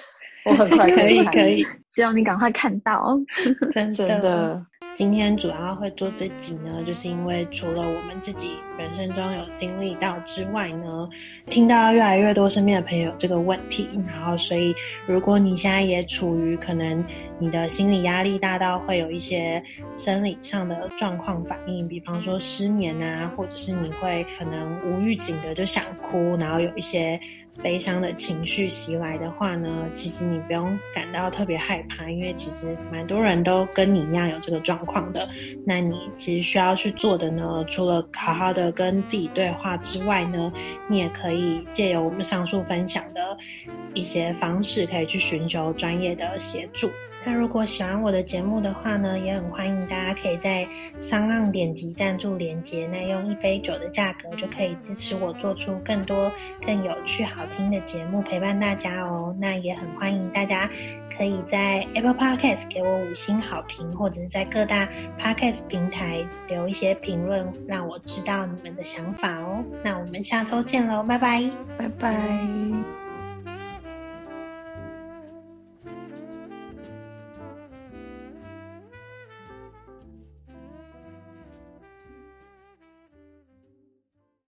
我很快可以 可以，希望你趕快看到， 真的。今天主要會做這集呢，就是因為除了我們自己人生中有經歷到之外呢，聽到越來越多身邊的朋友這個問題，然後所以如果你現在也處於可能你的心理壓力大到會有一些生理上的狀況反應，比方說失眠啊，或者是你會可能無預警的就想哭，然後有一些。悲傷的情緒襲來的話呢，其實你不用感到特別害怕，因為其實蠻多人都跟你一樣有這個狀況的。那你其實需要去做的呢，除了好好的跟自己對話之外呢，你也可以借由我們上述分享的一些方式，可以去尋求專業的協助。那如果喜歡我的節目的話呢，也很歡迎大家可以在 SoundOn 點擊贊助連結，那用一杯酒的價格就可以支持我做出更多更有趣、好聽的節目陪伴大家哦。那也很歡迎大家可以在 Apple Podcast 給我五星好評，或者是在各大 Podcast 平台留一些評論，讓我知道你們的想法哦。那我們下周見嘍，拜拜，拜拜。